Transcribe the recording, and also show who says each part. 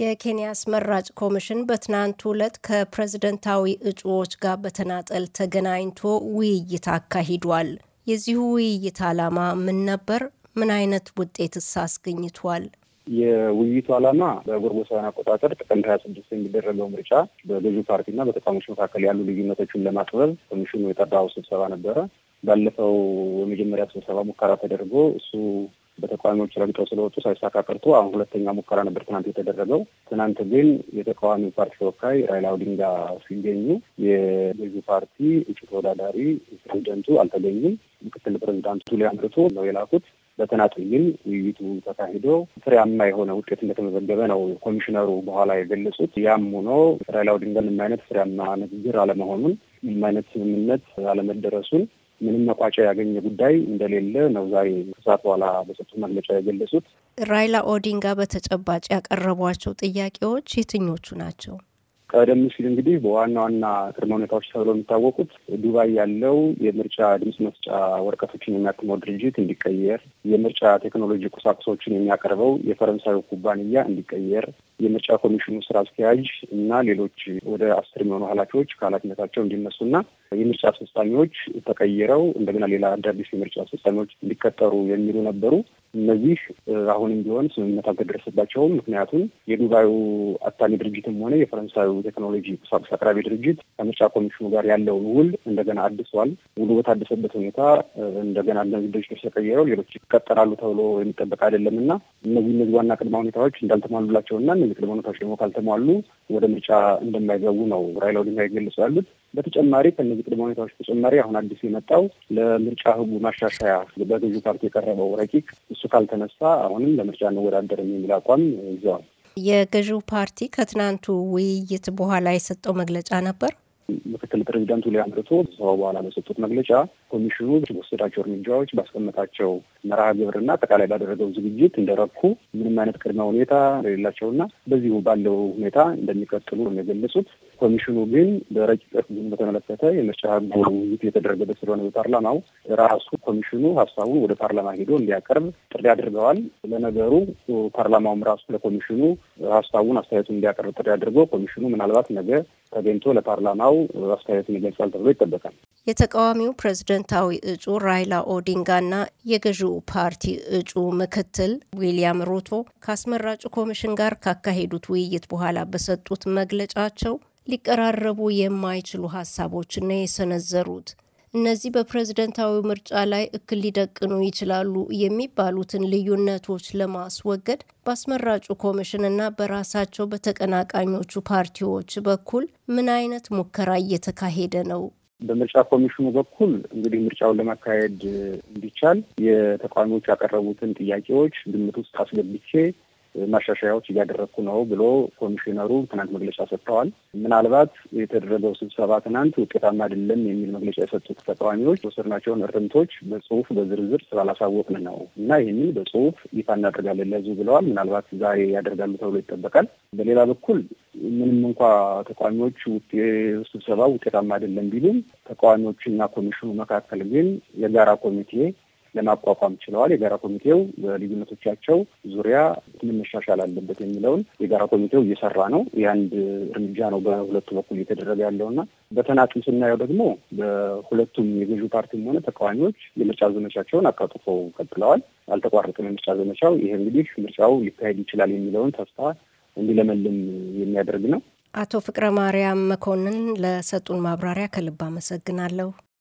Speaker 1: የኬንያ አስመራጭ ኮሚሽን በትናንት ዕለት ከፕሬዝደንታዊ እጩዎች ጋር በተናጠል ተገናኝቶ ውይይት አካሂዷል። የዚሁ ውይይት ዓላማ ምን ነበር? ምን አይነት ውጤትስ አስገኝቷል?
Speaker 2: የውይይቱ ዓላማ በጎርጎሳውያን አቆጣጠር ጥቅምት ሀያ ስድስት የሚደረገው ምርጫ በገዢው ፓርቲና በተቃዋሚዎች መካከል ያሉ ልዩነቶችን ለማጥበብ ኮሚሽኑ የጠራው ስብሰባ ነበረ። ባለፈው የመጀመሪያ ስብሰባ ሙከራ ተደርጎ እሱ በተቃዋሚዎች ረግጠው ስለወጡ ሳይሳካ ቀርቶ አሁን ሁለተኛ ሙከራ ነበር ትናንት የተደረገው። ትናንት ግን የተቃዋሚው ፓርቲ ተወካይ ራይላ ኦዲንጋ ሲገኙ የገዢ ፓርቲ እጩ ተወዳዳሪ ፕሬዚደንቱ አልተገኙም። ምክትል ፕሬዚዳንቱ አምርቶ ነው የላኩት። በተናጠል ግን ውይይቱ ተካሂዶ ፍሬያማ የሆነ ውጤት እንደተመዘገበ ነው ኮሚሽነሩ በኋላ የገለጹት። ያም ሆኖ ራይላ ኦዲንጋ ምንም አይነት ፍሬያማ ንግግር አለመሆኑን ምንም አይነት ስምምነት አለመደረሱን ምንም መቋጫ ያገኘ ጉዳይ እንደሌለ ነው ዛሬ ከሰዓት በኋላ በሰጡ መግለጫ የገለጹት።
Speaker 1: ራይላ ኦዲንጋ በተጨባጭ ያቀረቧቸው ጥያቄዎች የትኞቹ ናቸው?
Speaker 2: ቀደም ሲል እንግዲህ በዋና ዋና ቅድመ ሁኔታዎች ተብለው የሚታወቁት ዱባይ ያለው የምርጫ ድምፅ መስጫ ወረቀቶችን የሚያትመው ድርጅት እንዲቀየር፣ የምርጫ ቴክኖሎጂ ቁሳቁሶችን የሚያቀርበው የፈረንሳዩ ኩባንያ እንዲቀየር፣ የምርጫ ኮሚሽኑ ስራ አስኪያጅ እና ሌሎች ወደ አስር የሚሆኑ ኃላፊዎች ከኃላፊነታቸው እንዲነሱና የምርጫ አስፈጻሚዎች ተቀይረው እንደገና ሌላ አዳዲስ የምርጫ አስፈጻሚዎች እንዲቀጠሩ የሚሉ ነበሩ። እነዚህ አሁንም ቢሆን ስምምነት አልተደረሰባቸውም። ምክንያቱም የዱባዩ አታሚ ድርጅትም ሆነ የፈረንሳዩ ቴክኖሎጂ ቁሳቁስ አቅራቢ ድርጅት ከምርጫ ኮሚሽኑ ጋር ያለውን ውል እንደገና አድሷል። ውሉ በታደሰበት ሁኔታ እንደገና እነዚህ ድርጅቶች ተቀየረው ሌሎች ይቀጠራሉ ተብሎ የሚጠበቅ አይደለም እና እነዚህ እነዚህ ዋና ቅድመ ሁኔታዎች እንዳልተሟሉላቸው እና እነዚህ ቅድመ ሁኔታዎች ደግሞ ካልተሟሉ ወደ ምርጫ እንደማይገቡ ነው ራይላ ኦዲንጋ ይገልጹ ያሉት። በተጨማሪ ከእነዚህ ቅድመ ሁኔታዎች ተጨማሪ አሁን አዲስ የመጣው ለምርጫ ህቡ ማሻሻያ በገዢው ፓርቲ የቀረበው ረቂቅ እሱ ካልተነሳ አሁንም ለምርጫ እንወዳደር የሚል አቋም ይዘዋል።
Speaker 1: የገዢው ፓርቲ ከትናንቱ ውይይት በኋላ የሰጠው መግለጫ ነበር።
Speaker 2: ምክትል ፕሬዚዳንቱ አምርቶ ስብሰባው በኋላ በሰጡት መግለጫ ኮሚሽኑ በወሰዳቸው እርምጃዎች ባስቀመጣቸው መርሃ ግብርና አጠቃላይ ባደረገው ዝግጅት እንደረኩ ምንም አይነት ቅድመ ሁኔታ እንደሌላቸውና በዚሁ ባለው ሁኔታ እንደሚቀጥሉ የገለጹት። ኮሚሽኑ ግን በረቂቅ ሕጉን በተመለከተ የምርጫ ሕጉ ውይይት የተደረገበት ስለሆነ በፓርላማው ራሱ ኮሚሽኑ ሀሳቡን ወደ ፓርላማ ሄዶ እንዲያቀርብ ጥሪ አድርገዋል። ለነገሩ ፓርላማውም ራሱ ለኮሚሽኑ ሀሳቡን አስተያየቱን እንዲያቀርብ ጥሪ አድርጎ ኮሚሽኑ ምናልባት ነገ ተገኝቶ ለፓርላማው አስተያየቱን ይገልጻል ተብሎ ይጠበቃል።
Speaker 1: የተቃዋሚው ፕሬዝደንታዊ እጩ ራይላ ኦዲንጋና የገዢው ፓርቲ እጩ ምክትል ዊሊያም ሩቶ ከአስመራጭ ኮሚሽን ጋር ካካሄዱት ውይይት በኋላ በሰጡት መግለጫቸው ሊቀራረቡ የማይችሉ ሀሳቦች ነው የሰነዘሩት። እነዚህ በፕሬዝደንታዊ ምርጫ ላይ እክል ሊደቅኑ ይችላሉ የሚባሉትን ልዩነቶች ለማስወገድ በአስመራጩ ኮሚሽን እና በራሳቸው በተቀናቃኞቹ ፓርቲዎች በኩል ምን አይነት ሙከራ እየተካሄደ ነው?
Speaker 2: በምርጫ ኮሚሽኑ በኩል እንግዲህ ምርጫውን ለማካሄድ እንዲቻል የተቃዋሚዎች ያቀረቡትን ጥያቄዎች ግምት ውስጥ አስገብቼ ማሻሻያዎች እያደረግኩ ነው ብሎ ኮሚሽነሩ ትናንት መግለጫ ሰጥተዋል። ምናልባት የተደረገው ስብሰባ ትናንት ውጤታማ አይደለም የሚል መግለጫ የሰጡት ተቃዋሚዎች የወሰድናቸውን እርምቶች በጽሁፍ በዝርዝር ስላላሳወቅን ነው እና ይህንን በጽሁፍ ይፋ እናደርጋለን ለዙ ብለዋል። ምናልባት ዛሬ ያደርጋሉ ተብሎ ይጠበቃል። በሌላ በኩል ምንም እንኳ ተቃዋሚዎች ስብሰባ ውጤታማ አይደለም ቢሉም ተቃዋሚዎችና ኮሚሽኑ መካከል ግን የጋራ ኮሚቴ ለማቋቋም ችለዋል። የጋራ ኮሚቴው በልዩነቶቻቸው ዙሪያ ምን መሻሻል አለበት የሚለውን የጋራ ኮሚቴው እየሰራ ነው። የአንድ እርምጃ ነው በሁለቱ በኩል እየተደረገ ያለውና በተናጥም ስናየው ደግሞ በሁለቱም የገዢ ፓርቲም ሆነ ተቃዋሚዎች የምርጫ ዘመቻቸውን አቃጥፈው ቀጥለዋል። አልተቋረጠም የምርጫ ዘመቻው። ይህ እንግዲህ ምርጫው ሊካሄድ ይችላል የሚለውን ተስፋ እንዲለመልም የሚያደርግ ነው።
Speaker 1: አቶ ፍቅረ ማርያም መኮንን ለሰጡን ማብራሪያ ከልብ አመሰግናለሁ።